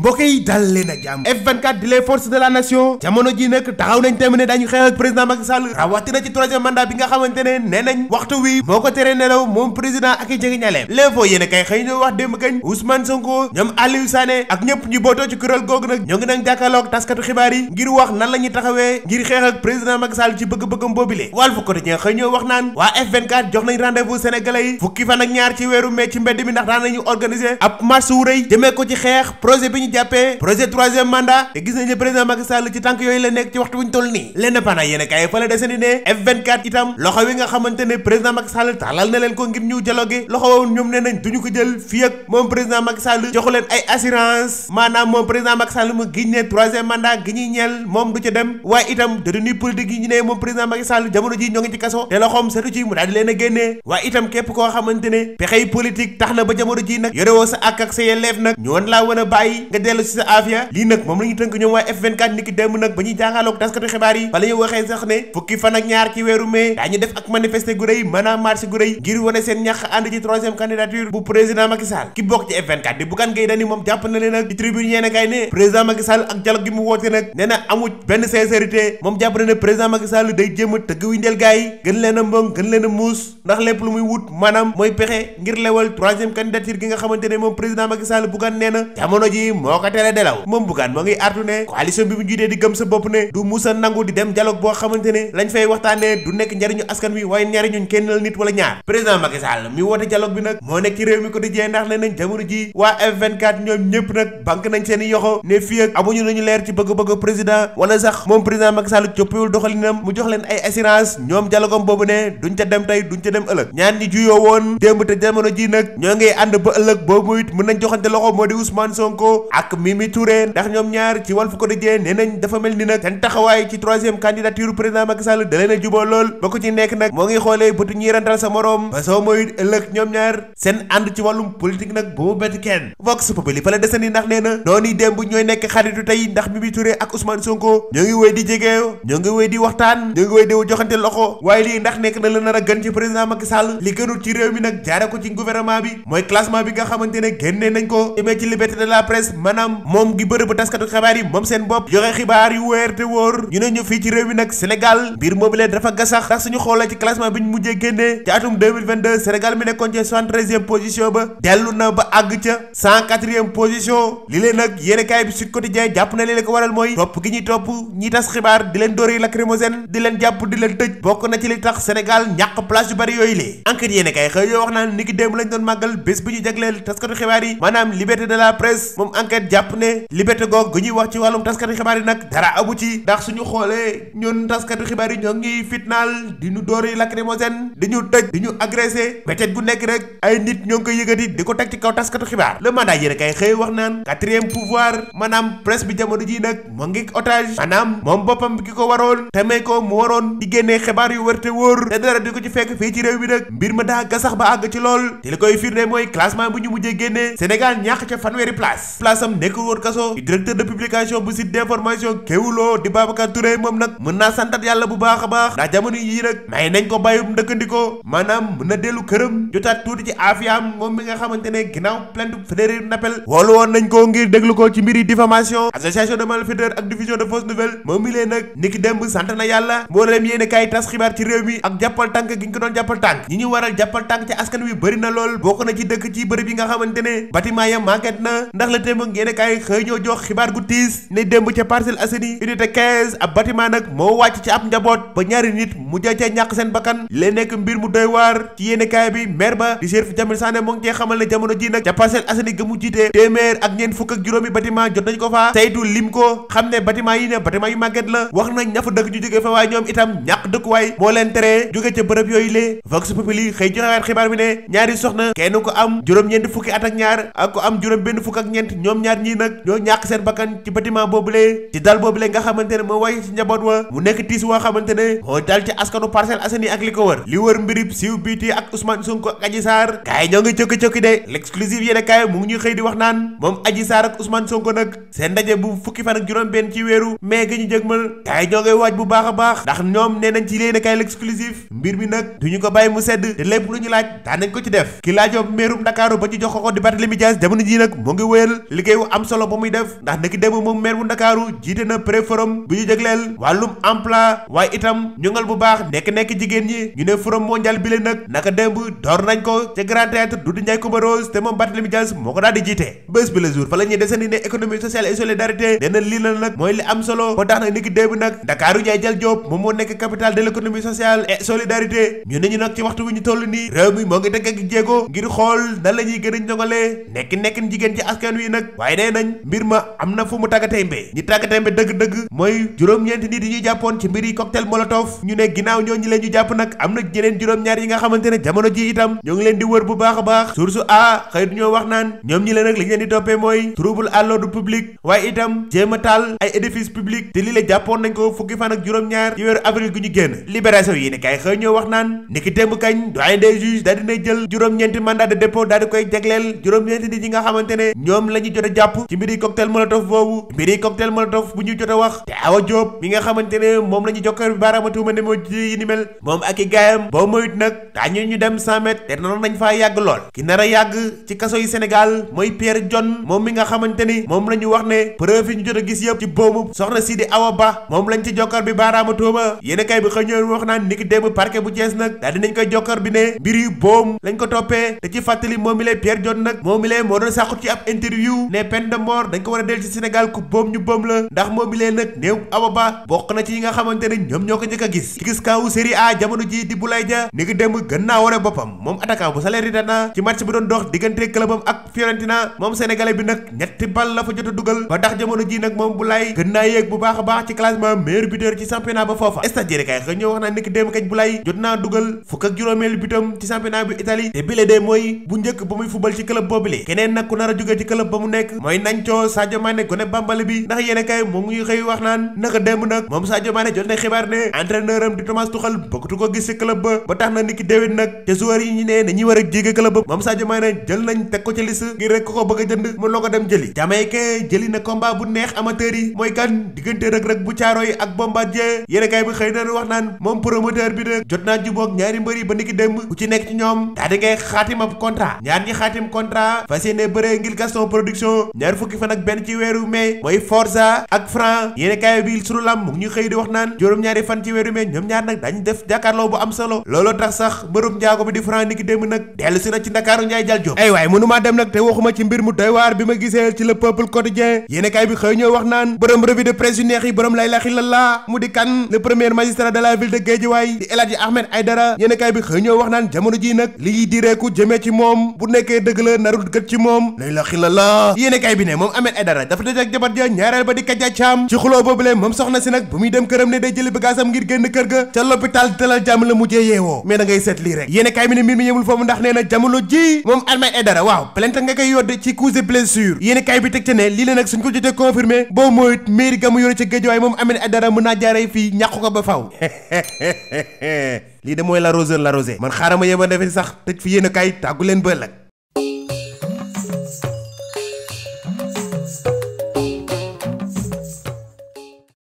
mbokk yi dal leen ak jàmm F24 di les forces de la nation jamono ji nag taxaw nañ tamit ne dañu xeex ak président Macky Sall rawatina ci troisième mandat bi nga xamante ne nee waxtu wi moo ko tere nelaw moom président ak i jege ñaleem l'info yéen a kay xëy ñoo wax démb kañ Ousmane Sonko ñoom Aliou Sané ak ñëpp ñu bootoo ci kuréel googu nag ñoo ngi nag jàkkaarloog taskatu xibaar yi ngir wax nan la ñuy taxawee ngir xeex ak président Macky ci bëgg ñu jàppee projet troisième mandat te gis nañ ne président Macky ci tànk yooyu la nekk ci waxtu bu ñu toll nii l'indépendant yéen a kaay fa la desandi ne F24 itam loxo wi nga xamante ne président Macky Sall tàllal na leen ko ngir ñu dialogue loxo woon ñoom ne nañ duñu ko jël fii moom président Macky joxu leen ay assurance maanaam moom président Macky mu giñ ne troisième mandat gi ñuy moom du ca dem waaye itam détenu politique yi ñu moom président Macky Sall jamono ji ñoo ngi ci kaso te loxoom setu ci mu daal a ba jamono ji nag yore woo sa a bàyyi nga dellu si sa aafiya lii nag moom la ñu tënk ñoom waa F24 niki démb nag ba ñuy jaaxaaloog taskatu xibaar yi fa la waxee sax ne fukki fan ak ñaar ci weeru mai daañu def ak manifester gu rëy maanaam marche gu rëy ngir wane seen ñax ànd ci troisième candidature bu président Macky ki bokk ci F24 di Bougane Gueye Dany moom jàpp na leen nag tribune yéen a kaay ne président Macky Sall ak dialogue gi mu woote nag nee na benn sincérité lépp lu muy wut maanaam mooy pexe ngir lewal troisième candidature gi nga xamante ne moom président Macky Sall Bougane moo ko tere delaw moom Bougane moo ngi artu ne coalition bi mu jiitee di gëm sa bopp ne du musa nangu di dem dialogue boo xamante ne lañ fay waxtaanee du nekk njariñu askan wi waaye njariñuñ kenn la nit wala ñaar président Macky Sall mi woote dialogue bi nag moo nekk ci réew mi ko di jee ndax ne nañ jamono ji waa F24 ñoom ñëpp nag bank nañ seen i yoxo ne fii ak amuñu lañu leer ci bëgg-bëgg président wala sax moom président Macky Sall coppiwul doxalinam mu jox leen ay assurance ñoom dialogue boobu ne duñ duñ ca dem ëllëg ñaan ñi woon démb te jamono ji ngi ànd ba ëllëg boobu it mën nañ joxante loxo moo di Ousmane Sonko ak Mimi Touré ndax ñoom ñaar ci Walf Quotidien nee nañ dafa mel ni nag seen taxawaay ci troisième candidature président Macky Sall da leen a juboo lool ba ko ci nekk nag moo ngi xoolee bëtu ñuy rental sa morom ba soo mooy ëllëg ñoom ñaar seen ànd ci wàllum politique nag bu mu bett kenn Vox Populi fa la desandi ndax nee na noonu démb ñooy nekk xaritu tey ndax Mimi Touré ak Ousmane Sonko ñoo ngi wéy di jegeew ñoo ngi wéy di waxtaan ñoo ngi a maanaam moom gi bërëb taskatu xibaar yi moom seen bopp joxe xibaar yu wéer te wóor ñu ne ñu fii ci réew mi nag Sénégal mbir moomu dafa gasax ndax suñu xoolee ci classement bi ñu mujjee génnee ci atum 2022 Sénégal mi nekkoon ci 73e na li leen ko waral mooy topp gi ñuy topp ñi tas xibaar di leen dóor yi di leen jàpp di leen tëj bokk na ci li tax Sénégal ñàkk place yu bari yooyu lee enquête yéenekaay xëy yoo wax naan ni ki démb nag jàpp ne liberté goog gu ñuy wax ci wàllum taskatu xibaar yi nag dara abu ci ndax suñu xoolee ñun taskatu xibaar yi ñoo ngi fitnaal di ñu dóori lacrymogène di ñu tëj di ñu agressé weccet bu nekk rek ay nit ñoo ngi koy yëkkati di ko teg ci kaw taskatu xibaar le mandat yéen kay xëy wax naan quatrième pouvoir maanaam presse bi jamono ji nag moo ngi otage maanaam moom boppam ki ko waroon te may ko mu waroon di génnee xibaar yu wër te wóor te dara di ko ci fekk fii ci réew mi nag mbir ma daa gasax ba àgg ci lool te li koy firnde mooy classement bu ñu mujjee génnee Sénégal ñàkk ca fanweeri place place itam nekkul woon kaso directeur de publication bu site d'information Kéwoulo di Babacar Touré moom nag mën naa santat yàlla bu baax a baax ndax jamono yii nag may nañ ko bàyyum ndëkkandikoo maanaam mën na dellu këram jotaat tuuti ci aafiyaam moom mi nga xamante ne ginnaaw plainte fédérale d'appel woolu woon nañ ko ngir déglu ko ci mbiri diffamation association de malfaiteurs ak diffusion de fausses nouvelles moom mi lee nag niki démb sant na yàlla mbooleem yéene kaay ko doon jàppal tànk ñi ñu waral jàppal tànk ci askan wi bëri na lool bokk na ci dëkk ci bërëb yi nga yéene kaay xëy ñoo jox xibaar gu tiis ne démb ca Parcelles Assainies unité 15 ab bâtiment nag moo wàcc ci ab njaboot ba ñaari nit mujjee ca ñàkk seen bakkan lee nekk mbir mu doy waar ci yéene kaay bi maire ba di Chérif Jamil Sané moo ngi cee xamal ne jamono ji nag ca Parcelles Assainies ga mu jiite téeméer ak ñeent fukk ak juróomi bâtiment jot nañ ko faa saytu lim ko xam ne bâtiment yi ne bâtiment yu màgget la wax nañ ña fa dëkk ñu jógee fa waaye ñoom itam ñàkk dëkkuwaay moo leen tere jóge ca bërëb yooyu lée vox populi xëy joxewaat xibaar bi ne ñaari soxna am juróom-ñeent fukki at ak ñaar ak ko am juróom benn ñeent ñoom ñoom ñaar ñii nag ñoo ñàkk seen bakkan ci bâtiment boobule ci dal boobule nga xamante ne moo waye ci njaboot wa mu nekk tiis woo xamante ne moo dal ci askanu Parcelles Assainies ak li ko wër li wër mbirib siiw biiti ak Ousmane Sonko ak Adji Sarr kaay ñoo ngi cokki-cokki de l'exclusive yéene kaay mu ngi ñuy xëy di wax naan moom Adji Sarr ak Ousmane Sonko nag seen ndaje bu fukki fan ak juróom benn ci wéeru mais gi ñu jëgmal kaay ñoo ngay waaj bu baax a baax ndax ñoom nee nañ ci yéene kaay mi nag duñu ko mu sedd lépp lu ñu laaj daa nañ ko ci def ki laajoom meerum Ndakaaru ba ci jox ko di ji liggéey wu am solo ba muy def ndax niki démb moom maire bu ndakaaru jiite na préforum bu ñu jagleel wàllum emploi waaye itam ñungal bu baax nekk-nekk jigéen ñi ñu ne forum mondial bi leen naka démb door nañ ko ca grand théâtre Doudou Ndiaye Coumba Rose moom Barthélémy Dias moo ko daal di jiite bés bi la jour fa la ñuy desandi ne économie li am solo ba tax na Jal Diop moom moo nekk capitale de l' économie sociale et solidarité ñu ne ñu nag ci waxtu ñu toll nii réew mi moo ngi xool nan la ñuy gën a nekkin jigéen ci askan wi nag waaye nee nañ mbir ma am na fu mu tàggatémbe ñi tàggatémbe dëgg-dëgg mooy juróom-ñeenti nit yi ñu jàppoon ci mbiri cocktail molotov ñu ne ginnaaw ñoo ñi leen ñu jàpp nag am na ñeneen juróom-ñaar yi nga xamante ne jamono ji itam ñoo ngi leen di wax naan ñoom ñi leen nag li ñu leen di mooy trouble à l'ordre public waaye itam jéem a taal ay édifice public te lii la ko fukki fan ak juróom-ñaar ci weeru avril gu ñu génn libération yi ne kay xëy ñoo wax naan niki temb kañ doyen des juges daal dinay jël juróom-ñeenti mandat de dépôt daal koy jagleel juróom-ñeenti nit yi nga xamante ne ñoom lañu jote a jàpp ci mbiri cocktail molotov boobu mbiri cocktail molotov bu ñuy jot a wax te Awa Diop mi nga xamante ne moom la ñu jokkoor bi baaraamatuuma ni moom ak i ñu dem 100 mètres te noonu nañ faa yàgg lool ki a yàgg ci kaso yi Sénégal mooy Pierre mi nga xamante ni moom la ñu wax ne preuve yi gis yëpp ci boobu si Ba moom lañ ci jokkoor bi baaraama tuuma yéen kay bi xëy ñëw wax naan ni ki démb bu Thiès nag daal dinañ koy jokkoor bi ne mbir yi boom lañ ko toppee te ci fàttali moom mi lay Pierre John nag moom mi lay moo doon sàqut ci ab interview ne ne de mort dañ ko war a del ci Sénégal ku boom ñu boom la ndax moom bi nag néew Awa Ba na ci yi nga xamante ne ñoom ñoo ko njëkk a gis ki gis kaawu Série A jamono ji di Boulaye Dia ni ngi démb gën naa wone boppam moom attaquant bu Salernitana ci match bi doon dox diggante clubam ak Fiorentina moom sénégalais bi nag ñetti bal la fa jot a dugal ba tax jamono ji nag moom Boulaye gën naa yéeg bu baax baax ci classement meilleur buteur ci championnat bi Italie nekk mooy nancoo Sadio Mané gone bambale bi ndax yéen a kaay moo xëy wax naan naka démb nag moom Sadio Mané jot na xibaar ne entraîneur am di Thomas Tuchel ko gis ci club ba ba tax na niki déwén nag te joueurs yi ñu ne dañuy war a jéggi club ba moom Sadio Mané jël nañ teg ko ci liste ngir rek ko bëgg a jënd mën loo ko dem jëli jamaïcain jëli na combat bu neex amateur yi mooy kan diggante rëg-rëg bu caaro yi ak bombardier yéen a kaay bi xëy ñaar fukki fan ak benn ci weeru mai mooy Forza ak Franc yéen kaay bi sunu lam mu ngi ñu xëy di wax naan juróom-ñaari fan ci weeru mai ñoom ñaar nag dañ def jàkkaarloo bu am solo looloo tax sax mbërum njaago bi di Franc ni ki démb nag na ci Ndakaaru ma gisee ci le peuple quotidien yéen kaay bi xëy ñoo wax naan borom di kan le premier magistrat de la ville de Guédiawaye di moom bu nekkee dëgg la narul gët ci moom lay laxi la laa yéenekaay bi ne moom Ahmed Aidara dafa daj ak jabar ja ñaareel ba di Kaja Caam ci xuloo boobule moom soxna si nag bu muy dem këram ne day jëli bagaasam ngir génn kër ga ca l'hôpital dalal jàmm la mujjee yeewoo mais da ngay seet lii rek yéenekaay bi ne mbir mi yemul foofu ndax nee na jamono ji moom Ahmed Aidara waaw plainte nga koy yodd ci coups et blessure yéenekaay bi teg ca ne lii la nag suñ ko jotee confirmé boo mooyut mairie ga yore ca Guédiawaye moom Ahmed ba faw lii de mooy l'arroseur l'arrosé man xaaral ma yéem a defee sax tëj fi yéen a kaay tàggu ba ëllëg